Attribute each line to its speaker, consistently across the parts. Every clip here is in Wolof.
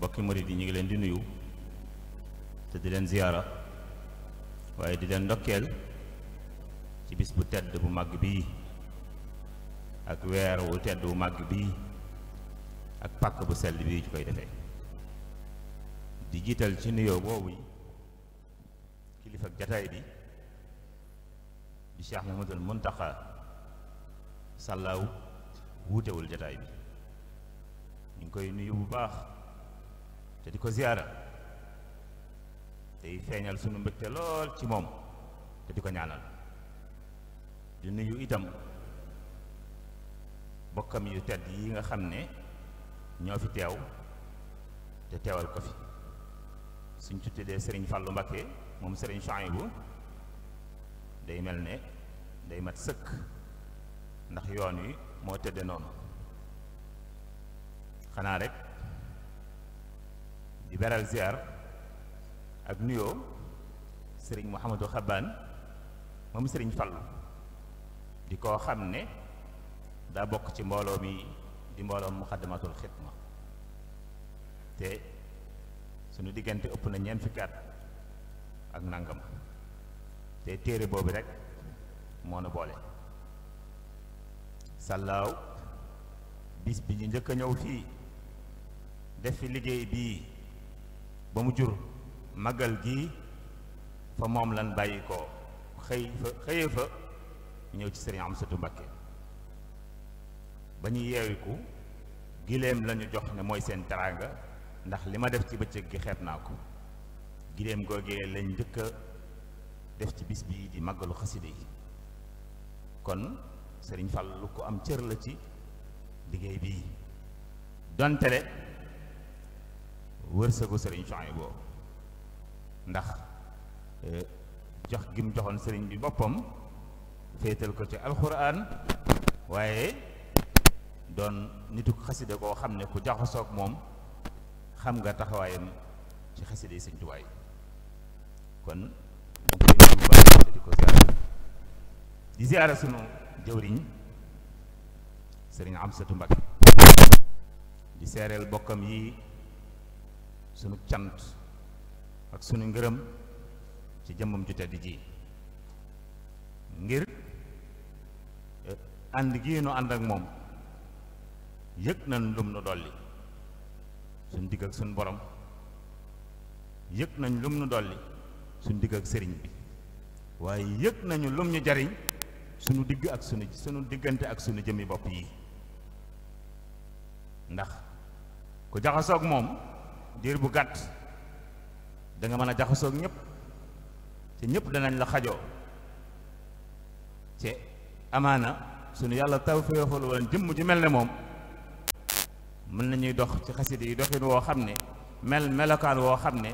Speaker 1: bokki murit yi ñu ngi leen di nuyu te di leen ziyaara waaye di leen ndokkeel ci bis bu tedd bu màgg bii ak weer wu tedd bu màgg bii ak pàkk bu sell bii ci koy defee di jiital ci nuyoo boobu kilifa ak jataay bi di Cheikh Mahmadul Muntaxa sàllaaw wuutewul jataay bi ñu koy nuyu bu baax te di ko ziyaara day feeñal sunu mbégte lool ci moom te di ko ñaanal di nuyu itam bokkam yu tedd yi nga xam ne ñoo fi teew te teewal ko fi suñ ci tuddee sëriñ Fàllu Mbakke moom sëriñ Chouaïbou day mel ne day mat sëkk ndax yoon wi moo tëdde noonu xanaa rek di beral ak nuyoo sëriñ Mouhamadou Xabaan moom sëriñ fal di koo xam ne daa bokk ci mbooloo mi di mbooloo Muxaddamatul ma te suñu diggante ëpp na ñeent fukki at ak nangam te téere boobu rek moo na boole sàllaaw bis bi ñu njëkk a ñëw fii def fi liggéey bii ba mu jur magal gi fa moom lan bàyyi ko xëy fa xëyee fa ñëw ci sëriñ Amsatu Mbàkke ba ñu yeewiku giléem lañu jox ne mooy seen taraanga ndax li ma def ci bëccëg gi xeeb naa ko giléem googee lañ njëkk a def ci bis bii di màggalu xaside yi kon sëriñ Fall lu ko am cër la ci liggéey bii dontele wërsëgu sëriñ boobu ndax eh, jox gim joxoon sëriñ bi boppam féetal ko ci alxuraan waaye doon nitu xasida koo xam ne ku jaxasoog moom xam nga taxawaayam ci xasida yi sëñ tubaay kon di ko ziara sunu jëwriñ sëriñ Amsatu Mbàkke di seereel bokkam yi sunu cant ak sunu ngërëm ci jëmmam ju tedd ji ngir eh, ànd gi nu ànd ak moom yëg nañ lum nu dolli suñ digg ak suñ borom yëg nañ lum nu dolli suñ digg ak sëriñ bi waaye yëg nañu lum ñu jariñ sunu digg ak sunu sunu diggante ak sunu jëmmi bopp yi ndax ku jaxasoog moom diir bu gàtt danga mën a jaxasook ñëpp te ñëpp danañ la xajoo te amaana sunu yàlla taw féexul woon jëmm ju mel ne moom mën nañuy dox ci xasida yi doxin woo xam ne mel melokaan woo xam ne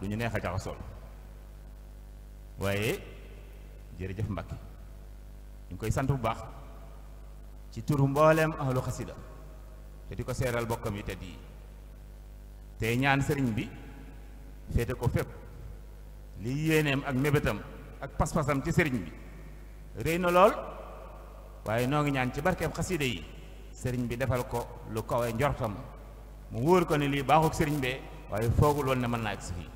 Speaker 1: du ñu neex a jaxasool waaye jëf Mbàkke ñu koy sant bu baax ci turu mbooleem ahlu xasida te di ko seeral bokkam yu tedd yi tey ñaan sëriñ bi seete ko fépp liy yéeneem ak mébétam ak pas ci sëriñ bi réy na lool waaye noo ngi ñaan ci barkeem xasida yi sëriñ bi defal ko lu kawe njortam mu wóor ko ne lii baaxul sëriñ bee waaye foogul woon ne mën naa si fii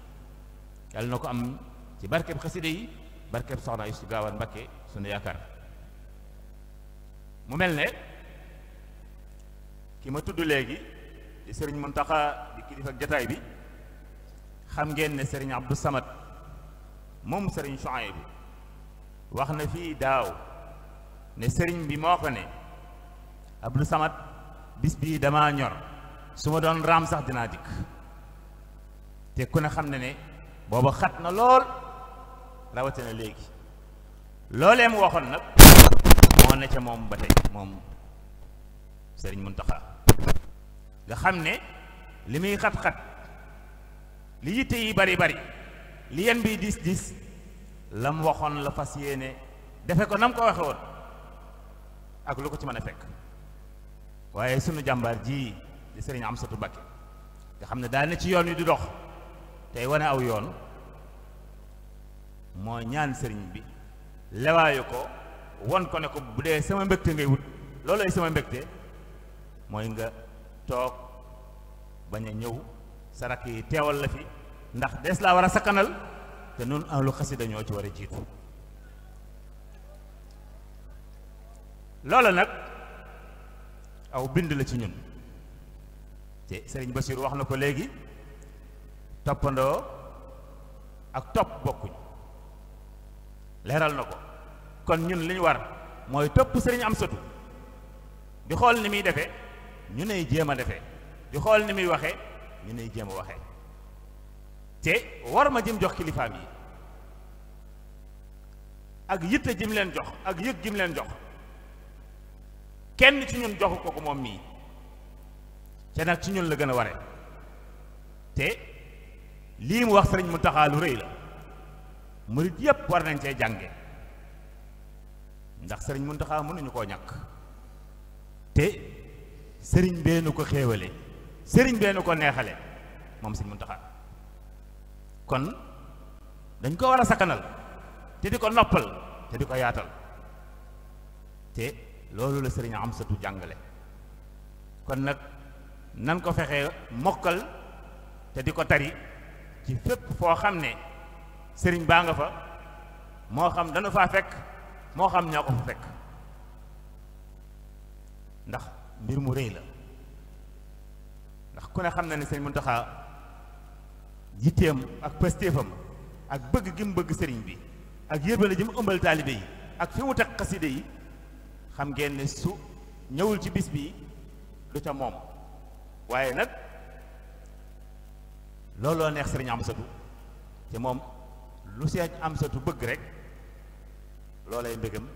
Speaker 1: yàlla na ko am ci barkeeb xasida yi barkeeb soxna Astu Gaawaan Mbakke sunu yaakaar mu mel ne ki ma tudd léegi di sëriñ Muntaxa di kilifa ak jataay bi xam ngeen ne sëriñ Abdou Samad moom sëriñ Chouaib wax na fii daaw ne sëriñ bi moo ko ne Abdou Samad bis bii damaa ñor su ma doon raam sax dinaa dikk te ku ne xam ne ne booba xat na lool rawatina léegi loolee mu waxoon nag moo ne ca moom ba tey moom sëriñ Muntaxa nga xam ne li muy xat-xat li yitte yi bari bari li yen bi dis dis lam waxoon la fas yéene defe ko nam ko waxe woon ak lu ko ci mën a fekk waaye sunu jàmbar ji di sëriñ Amsatu Mbàkke nga xam ne daal na ci yoon wi du dox tey wane aw yoon moo ñaan sëriñ bi lewaayu ko won ko ne ko bu dee sama mbégte ngay wut loolu ay sama mbégte mooy nga toog bañ a ñëw sa yi teewal la fi ndax des laa war a sakkanal te noonu ahlu xasida dañoo ci war a jiitu loola nag aw bind la ci ñun te Sëriñ Basiir wax na ko léegi toppandoo ak topp bokkuñ leeral na ko kon ñun li ñu war mooy topp am Amsatu di xool ni muy defee ñu ney jéem a defe di xool ni muy waxe ñu ney jéem a waxe te war ma jëm jox kilifaam yi ak yitte jim leen jox ak yëg jim leen jox kenn ci ñun joxu ko ko moom mii te nag ci ñun la gën a ware te lii mu wax sëriñ mu taxaalu rëy la murit yépp war nañ cee jànge ndax sëriñ Muntaxa mënuñu koo ñàkk te sëriñ bee nu ko xéewale sëriñ bee nu ko neexale moom sëñ Muntaxa kon dañ ko war a sakkanal te di ko noppal te di ko yaatal te loolu la sëriñ Amsatu jàngale kon nag nan ko fexee mokkal te di ko tari ci fépp foo xam ne sëriñ baa nga fa moo xam dañu faa fekk moo xam ñoo ko fa fekk ndax mbir mu rëy la ndax ku ne xam na ne sëñ taxa yitteem ak pastéefam ak bëgg gi bëgg sëriñ bi ak yërmande ji mu ëmbal taalibe yi ak fi mu teg xaside yi xam ngeen ne su ñëwul ci bis bi du ca moom waaye nag looloo neex sëriñ Amsatu te moom lu sëriñ Amsatu bëgg rek loolay mbégam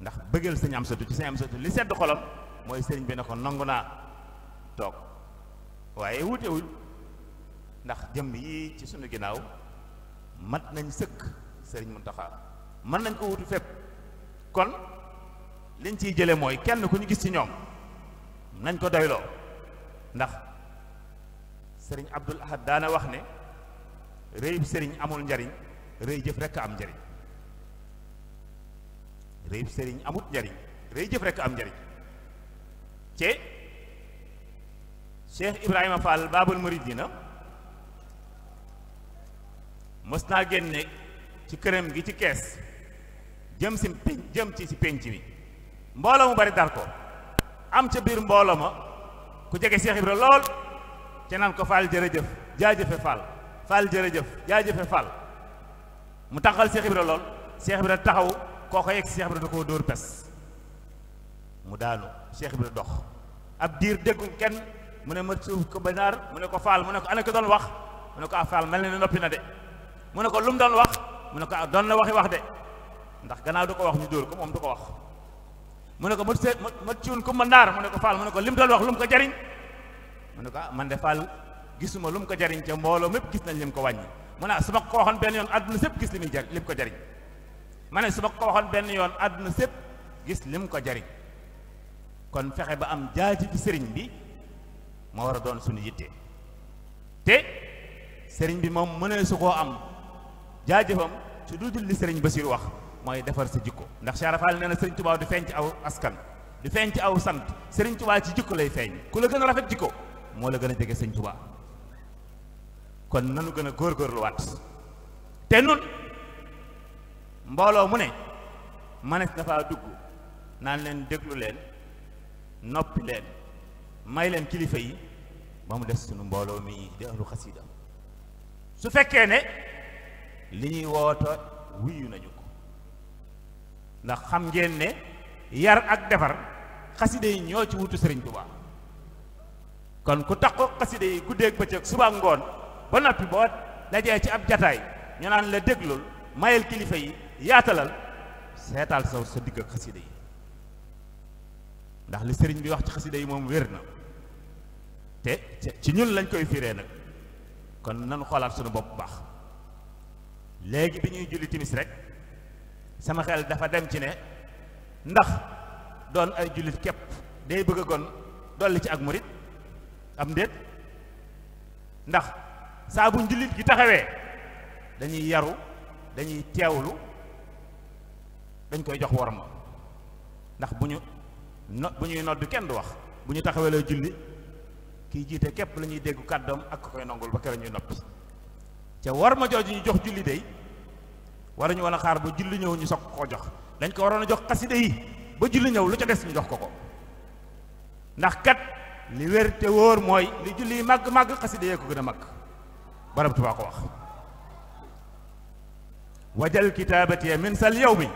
Speaker 1: ndax bëggal sëriñ Amsatu ci sëriñ Amsatu li sedd xolam mooy sëriñ bi na ko nangu naa toog waaye wutewul ndax jëm yi ci suñu ginnaaw mat nañ sëkk sëriñ mu Muntaxa mën nañ ko wutu fépp kon liñ ciy jële mooy kenn ku ñu gis ci ñoom nañ ko doyloo ndax sëriñ Abdul Ahad daana wax ne réyub sëriñ amul njariñ réy jëf rekk am njariñ réyub sëriñ amut njariñ réy jëf rekk am njariñ ci Cheikh Ibrahima Fall Baabul Muridina mës naa génne ci këram gi ci kees jëm si jëm ci si pénc mi mbooloo mu bari dar ko am ca biir mbooloo ma ku jege seex Ibra lool te naan ko Fall jërëjëf jaajëfe Fall Fall jërëjëf jaajëfe Fall mu taxal Cheikh Ibra lool Cheikh Ibra taxaw koo ko yegg Cheikh Ibra da koo dóor pes mu daanu Cheikh Ibra dox ab diir dégguñ kenn mu ne ma suuf ko banaar mu ne ko faal mu ne ko ana ko doon wax mu ne ko a ah, faal mel na ne noppi na de mu ne ko lu mu doon wax mu ne ko ah, doon na waxi wax de ndax gannaaw du ko wax ñu dóor ko moom du ko wax mu ne ko mat see mat ciun ko manaar mu ne ko faal mu ne ko lim doon wax lu mu ko jariñ mu ne ko ah man de faal gisuma lu mu ko jariñ ca mbooloo mépp gis nañ lim ko wàññi mu ne ah, su ma ko waxoon benn yoon adduna sépp gis li muy jariñ ko jariñ ma ne su ma benn yoon àdduna sépp gis lim ko jariñ kon fexe ba am jaaj ci sëriñ bi moo war a doon suñu yitte te sëriñ bi moom mënee su koo am jaajëfam su dudul li sëriñ ba Basiir wax mooy defar sa jikko ndax Charafaal nee na sëriñ Tuubaa du feeñ ci aw askan du feeñ ci aw sant sëriñ Tuubaa ci jikko lay feeñ ku la gën a rafet jikko moo la gën a jege sëriñ Tuubaa kon nanu gën a góor góorgóorluwaat te nun mbooloo mu ne manes na faa dugg naan leen déglu leen noppi leen may leen kilifa yi ba mu des sunu mbooloo mi di ahlu xasida su fekkee ne li ñuy woota wuyu nañu ko ndax xam ngeen ne yar ak defar xasida yi ñoo ci wutu sëriñ Tuubaa kon ku taqoo xasida yi guddeeg bëccëg suba ngoon ba noppi boo dajee ci ab jataay ñu naan la déglul mayal kilifa yi yaatalal seetal saw sa digg ak xasida yi ndax li sëriñ bi wax ci xasida yi moom wér na te ci ñun lañ koy firee nag kon nan xoolaat suñu bopp baax léegi bi ñuy julli timis rek sama xel dafa dem ci ne ndax doon ay jullit képp day bëgg a dolli ci ak murit am ndéet ndax saa bu njullit gi taxawee dañuy yaru dañuy teewlu dañ koy jox worma ndax bu ñu no bu ñuy noddu kenn du wax bu ñu taxawalee julli kiy jiite képp lañuy ñuy dégg kàddoom ak ko koy nangul ba kere ñuy noppi ca war ma jooju ñu jox julli day war ñu war a xaar ba julli ñëw ñu soog koo jox dañ ko waroon a jox xaside yi ba julli ñëw lu ca des ñu jox ko ko ndax kat li wér te wóor mooy li julli màgg màgg xaside yee ko gën a màgg borom Tuubaa ko wax wajal kitaabatiya min sal yow faw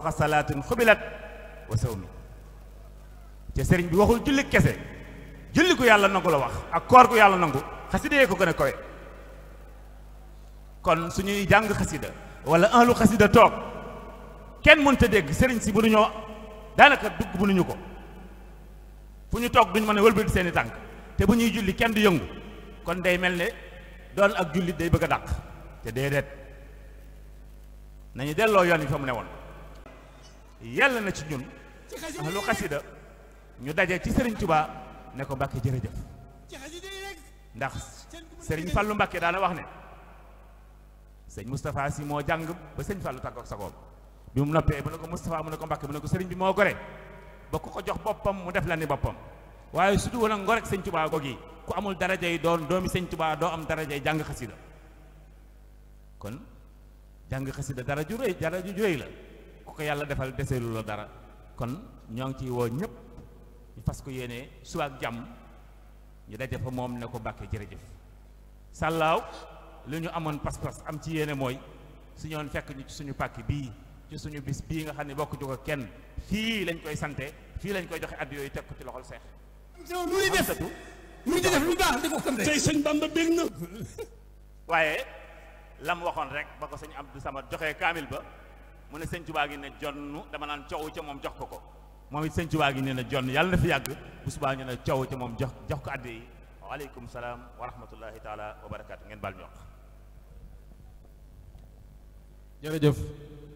Speaker 1: fawqa salaatin xubilat wa sawmi te sëriñ bi waxul julli kese julli ku yàlla nangu la wax ak koor ku yàlla nangu xasida ko gën a kowe kon suñuy jàng xasida wala ahlu xasida toog kenn mënta dégg sëriñ si bu nu ñoo daanaka dugg bu nuñu ko fu ñu toog duñ ma ne wëlbati seeni tànk te bu ñuy julli kenn du yëngu kon day mel ne doon ak jullit day bëgg a dàq te déedéet nañu delloo yoon yi fa mu ne woon yàlla na ci ñun ahlu xasida ñu daje ci sëriñ tubaa ne ko Mbacke jërëjëf ndax sëriñ fàllu Mbacke daana wax ne sëñ Moustapha si moo jàng ba sëñ Fallou tàggoog sagoom bi mu noppee mu ne ko Moustapha mu ne ko Mbacke mu ne ko sëriñ bi moo gore ba ku ko jox boppam mu def la ni boppam waaye su dul woon ngor ak sëñ Touba googi ku amul daraja yi doon doomi sëñ Touba doo am daraja yi jàng xasida kon jàng xasida dara ju rëy dara ju rëy la ku ko yàlla defal deseelu la dara kon ñoo ngi ciy woo ñëpp. ñu fas ko yéene su jàmm ñu daje fa moom ne ko bàkkee jërëjëf sàllaaw li ñu amoon pas-pas am ci yéene mooy su ñoon fekk ñu ci suñu pàkk bii ci suñu bis bii nga xam ne bokk ju kenn fii lañ koy sante fii lañ koy joxe ab yooyu teg ko ci loxol seex lu ñuy def lu ñuy def lu waaye lam waxoon rek ba ko sëñ Abdou Samad joxee kaamil ba mu ne sëñ Tuubaa gi ne jonn dama naan coow ca moom jox ko ko moom it sëñ Tuubaa gi nee na jonn yàlla na fi yàgg bu subaa ñu ne coow ca moom jox jox ko adde yi waaleykum salaam wa rahmatullahi taala wa barakaatu ngeen baal ñoq jërëjëf